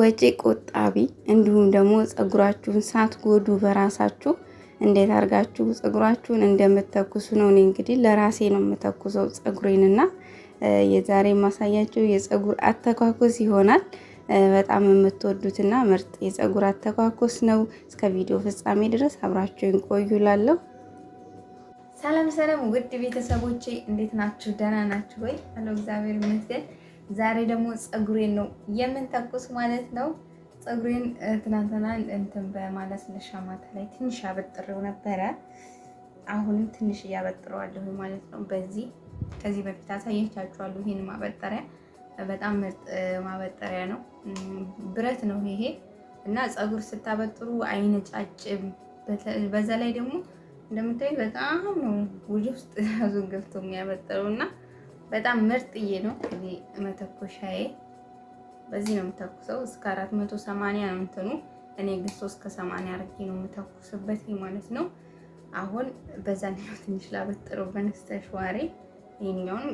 ወጪ ቆጣቢ እንዲሁም ደግሞ ፀጉራችሁን ሳትጎዱ በራሳችሁ እንዴት አድርጋችሁ ፀጉራችሁን እንደምተኩሱ ነው። እኔ እንግዲህ ለራሴ ነው የምተኩሰው እና የዛሬ ማሳያችሁ የፀጉር አተኳኮስ ይሆናል። በጣም የምትወዱትና ምርጥ የፀጉር አተኳኮስ ነው። እስከ ቪዲዮ ፍጻሜ ድረስ አብራችሁን ቆዩላለሁ። ሰላም ሰላም፣ ውድ ቤተሰቦቼ እንዴት ናችሁ? ደህና ናችሁ ወይ? አለው እግዚአብሔር ይመስገን። ዛሬ ደግሞ ፀጉሬን ነው የምንተኩስ ማለት ነው። ፀጉሬን ትናንትና እንትን በማለስለሻ ማታ ላይ ትንሽ አበጥሬው ነበረ። አሁንም ትንሽ እያበጥረዋለሁ ማለት ነው። በዚህ ከዚህ በፊት አሳየቻችኋለሁ። ይሄን ማበጠሪያ በጣም ምርጥ ማበጠሪያ ነው። ብረት ነው ይሄ እና ፀጉር ስታበጥሩ አይነጫጭም። በዛ ላይ ደግሞ እንደምታዩት በጣም ነው ውጅ ውስጥ ያዙን ገብቶ የሚያበጥረው እና በጣም ምርጥዬ ነው። እኔ መተኮሻዬ በዚህ ነው የምተኩሰው። እስከ 480 ነው እንትኑ። እኔ ግን 3 ከ80 አድርጌ ነው የምተኩስበት ማለት ነው። አሁን በዛኛው ትንሽ ላበጥረው በነስተሽዋሬ ይሄኛውን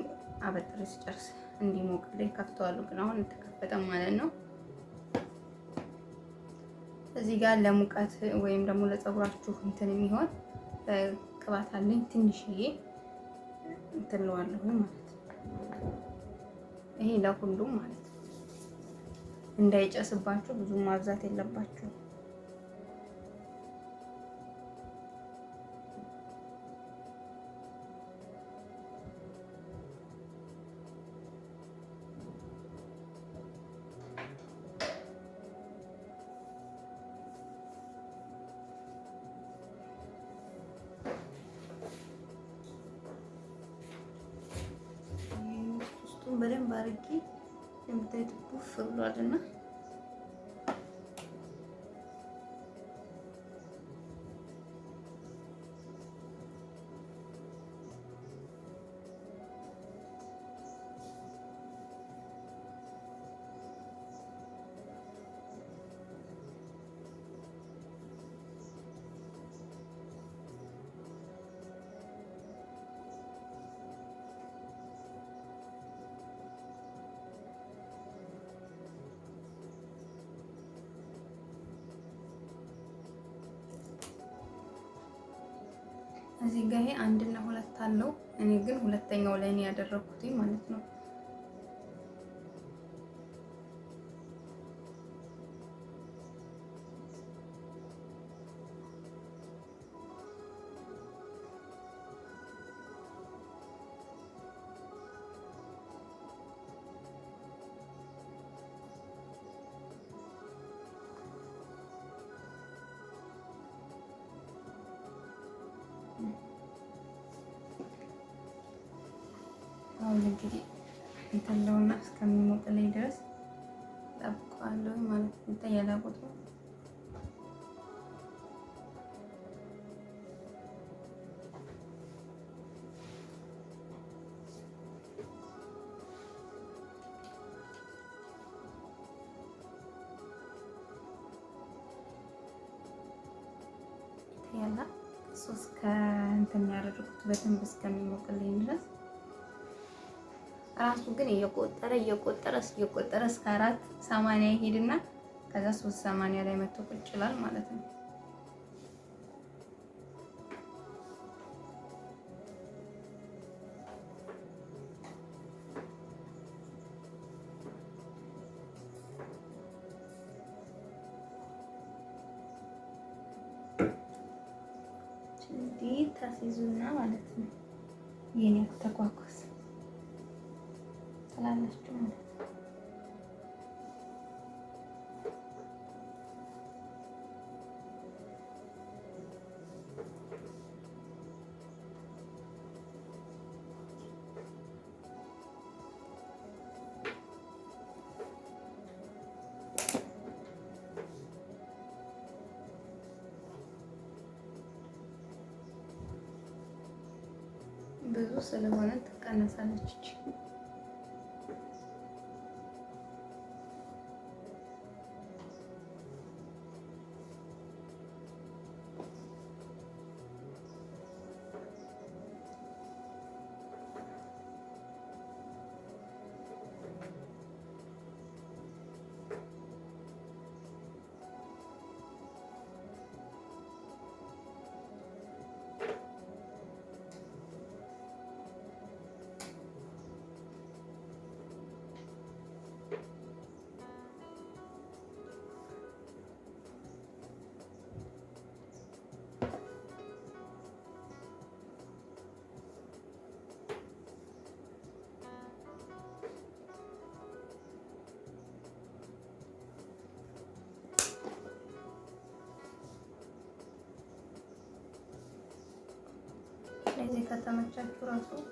አበጥሬ ስጨርስ እንዲሞቅልኝ ከፍተዋለሁ። ግን አሁን አልተከፈተም ማለት ነው። እዚህ ጋር ለሙቀት ወይም ደግሞ ለፀጉራችሁ እንትን የሚሆን ቅባት አለኝ። ትንሽዬ እንትለዋለሁ ማለት ነው። ይሄ ለሁሉም ማለት ነው። እንዳይጨስባችሁ ብዙ ማብዛት የለባችሁ። በደንብ አድርጌ የምታዩት ቡፍ ብሏልና እዚህ ጋር ይሄ አንድና ሁለት አለው። እኔ ግን ሁለተኛው ላይ ነው ያደረኩት ማለት ነው። አሁን እንግዲህ እንተለውና እስከሚሞቅልኝ ድረስ ጠብቀዋለሁ ማለት ነው። ይታያል አቁጡ ያላ ያደረኩት በደንብ እስከሚሞቅልኝ ድረስ ራሱ ግን እየቆጠረ እየቆጠረ እየቆጠረ እስከ አራት ሰማንያ ይሄድና ከዛ ሶስት ሰማንያ ላይ መጥቶ ቁጭ ይላል ማለት ነው። እንዲህ ታስይዙና ማለት ነው ይሄን ስላለችው ብዙ ስለሆነ ትቀነሳለች። Kata macak curah tuh,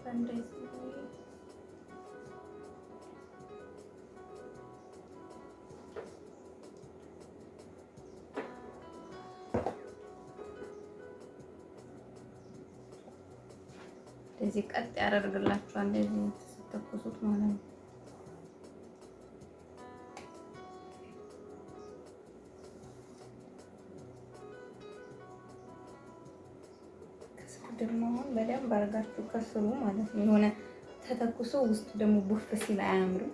kan rezeki rezeki ke arah relaksuan dari situ, malam. ድርማውን በደንብ አድርጋችሁ ከስሩ ማለት ነው። የሆነ ተተኩሶ ውስጡ ደግሞ ቡፍ ሲል አያምርም።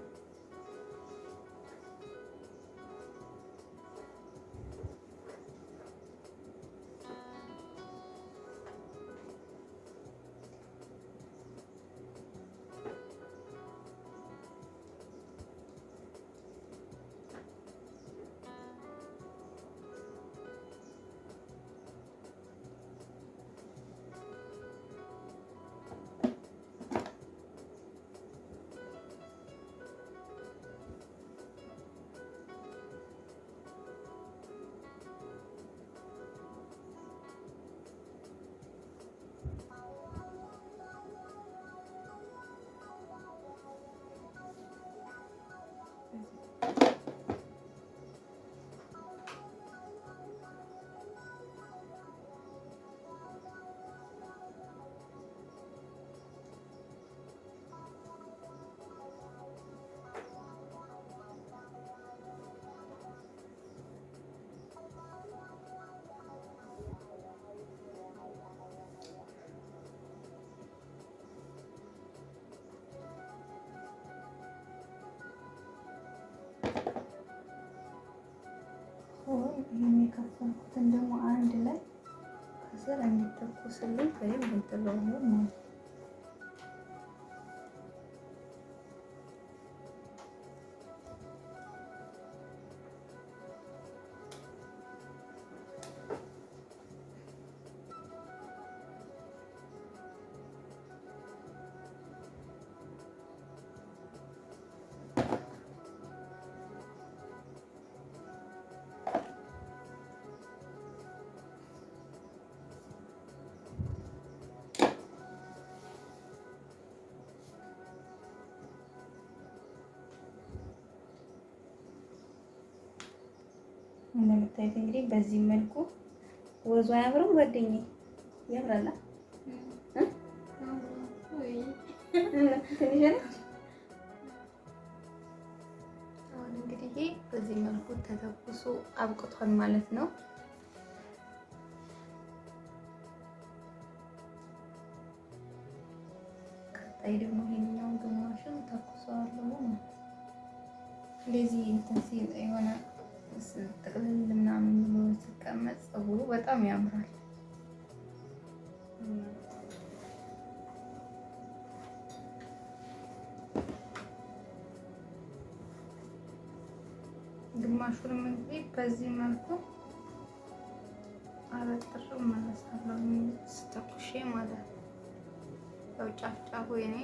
የከፈንኩትን ደግሞ አንድ ላይ ከስር እንዲተኩስልኝ ወይም እንጥለዋለን ማለት ነው። እንደምታዩት እንግዲህ በዚህ መልኩ ወዙ አያምርም? ጓደኛዬ ያምራል። አሁን እንግዲህ በዚህ መልኩ ተተኩሶ አብቅቷል ማለት ነው። ቀጣይ ደግሞ ይሄኛውን ግማሹን ተኩሰዋለሁ። እንደዚህ እንትን ሲል የሆነ ጥቅልል ምናምን ብሎ ሲቀመጥ ፀጉሩ በጣም ያምራል። ግማሹንም እንግዲህ በዚህ መልኩ አበጥር መለሳለሁ። ስተኩሼ ማለት ያው ጫፍ ጫፉ የኔ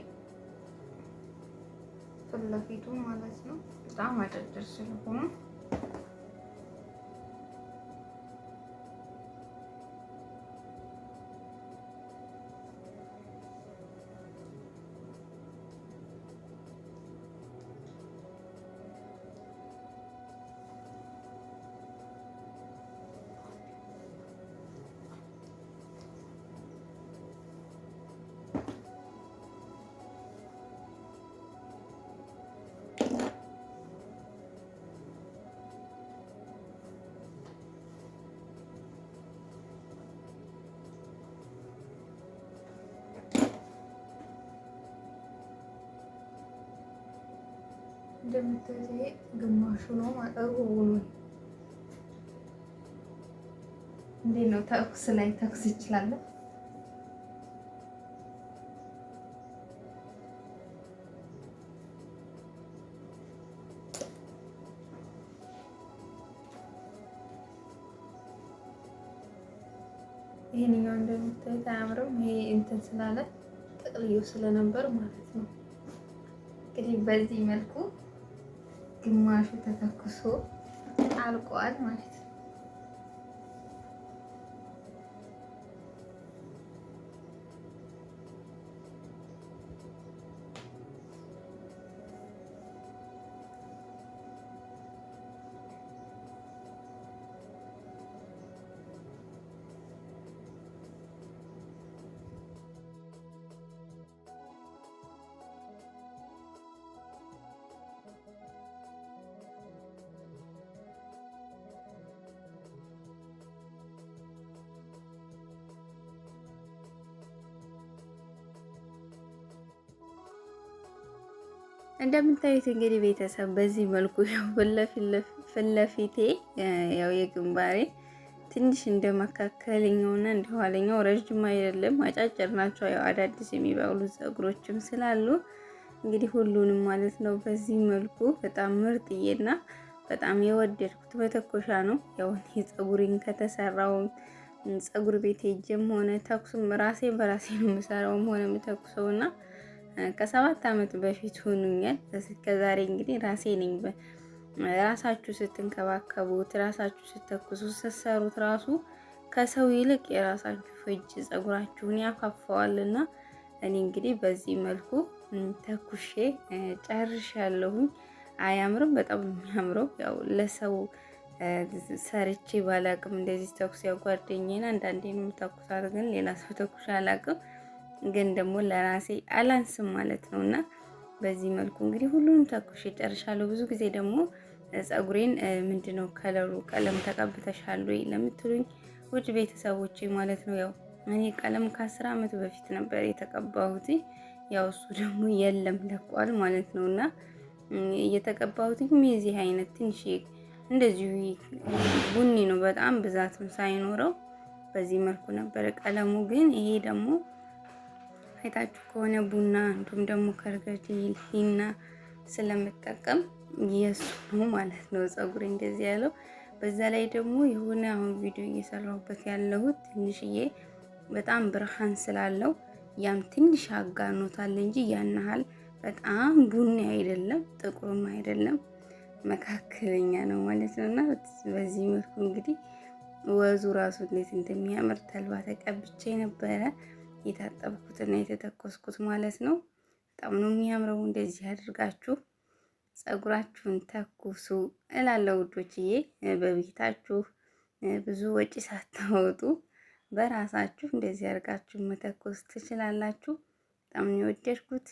ፊት ለፊቱ ማለት ነው በጣም አጫጭር ስለሆኑ እንደምታዩት ይሄ ግማሹ ነው እርቡ ነው። እንዴት ነው ተኩስ ላይ ተኩስ ይችላል። ይሄንኛው እንደምታዩት አያምርም። ይሄ እንትን ስላለ ጥቅልዩ ስለነበር ማለት ነው። እንግዲህ በዚህ መልኩ ግማሹ ተተኩሶ አልቋል ማለት ነው። እንደምታዩት እንግዲህ ቤተሰብ በዚህ መልኩ ፍለፊቴ ያው የግንባሬ ትንሽ እንደ መካከለኛውና እንደ ኋለኛው ረዥም አይደለም፣ አጫጭር ናቸው። ያው አዳዲስ የሚበቅሉ ጸጉሮችም ስላሉ እንግዲህ ሁሉንም ማለት ነው በዚህ መልኩ በጣም ምርጥዬና በጣም የወደድኩት በተኮሻ ነው። ያው የጸጉሬን ከተሰራውም ጸጉር ቤት ሄጄም ሆነ ተኩስም ራሴ በራሴ ነው የምሰራውም ሆነ የምተኩሰውና ከሰባት አመት በፊት ሆኑኛል። ዛሬ እንግዲህ ራሴ ነኝ። ራሳችሁ ስትንከባከቡት፣ ራሳችሁ ስተኩሱ፣ ስትሰሩት ራሱ ከሰው ይልቅ የራሳችሁ ፍጅ ጸጉራችሁን ያፋፋዋልና እኔ እንግዲህ በዚህ መልኩ ተኩሼ ጨርሻለሁኝ። አያምርም? በጣም የሚያምረው ያው ለሰው ሰርቼ ባላቅም እንደዚህ ተኩስ ያጓደኝና ጓደኛዬን አንዳንዴ ነው የምተኩሳት፣ ግን ሌላ ሰው ተኩሽ አላቅም። ግን ደግሞ ለራሴ አላንስም ማለት ነው እና በዚህ መልኩ እንግዲህ ሁሉንም ተኩሽ ጨርሻለሁ። ብዙ ጊዜ ደግሞ ጸጉሬን ምንድነው ከለሩ ቀለም ተቀብተሻሉ ለምትሉኝ ውድ ቤተሰቦቼ ማለት ነው ያው እኔ ቀለም ከአስር ዓመት በፊት ነበር የተቀባሁት። ያው እሱ ደግሞ የለም ለቋል ማለት ነው እና እየተቀባሁት የዚህ አይነት ትንሽ እንደዚሁ ቡኒ ነው፣ በጣም ብዛትም ሳይኖረው በዚህ መልኩ ነበር ቀለሙ። ግን ይሄ ደግሞ አይታችሁ ከሆነ ቡና እንዲሁም ደግሞ ከርገድ ሂና ስለምጠቀም የሱ ነው ማለት ነው ፀጉሬ እንደዚህ ያለው። በዛ ላይ ደግሞ የሆነ አሁን ቪዲዮ እየሰራሁበት ያለሁት ትንሽዬ በጣም ብርሃን ስላለው ያም ትንሽ አጋኖታል እንጂ ያናሃል በጣም ቡኒ አይደለም፣ ጥቁርም አይደለም፣ መካከለኛ ነው ማለት ነው። እና በዚህ መልኩ እንግዲህ ወዙ ራሱ እንዴት እንደሚያምር ተልባ ተቀብቼ ነበረ። የታጠብኩትና የተተኮስኩት ማለት ነው። በጣም ነው የሚያምረው። እንደዚህ አድርጋችሁ ጸጉራችሁን ተኩሱ እላለሁ ውዶችዬ። በቤታችሁ ብዙ ወጪ ሳታወጡ በራሳችሁ እንደዚህ አድርጋችሁ መተኮስ ትችላላችሁ። በጣም ነው የወደድኩት።